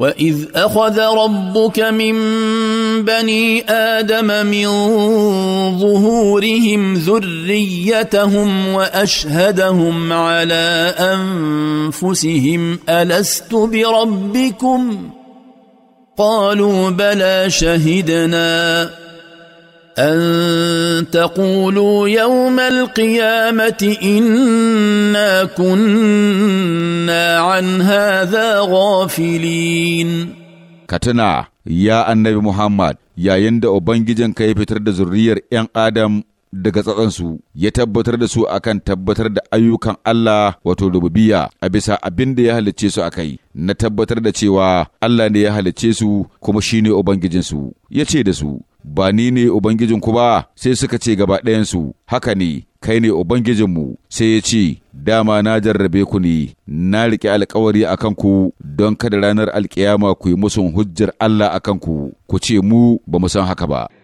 واذ اخذ ربك من بني ادم من ظهورهم ذريتهم واشهدهم على انفسهم الست بربكم قالوا بلى شهدنا ان تقولوا يوم القيامه انا كنا عن هذا غافلين كتنا يا النبي محمد يا يند Ubangijinka ya fitar da إن آدم daga tsatsansu ya tabbatar da su akan tabbatar da ayyukan Allah wato rububiyya a bisa abin da ya halicce su a kai. na tabbatar da cewa Allah ne ya halicce su kuma shi shine ubangijinsu ya ce da su ba ni ne ubangijin ku ba sai suka ce gaba ɗayansu haka ne kai ne ubangijinmu sai ya ce dama na jarrabe ku ne na riƙe alkawari a kanku don kada ranar alkiyama ku yi musun hujjar Allah a kanku ku ce mu ba mu san haka ba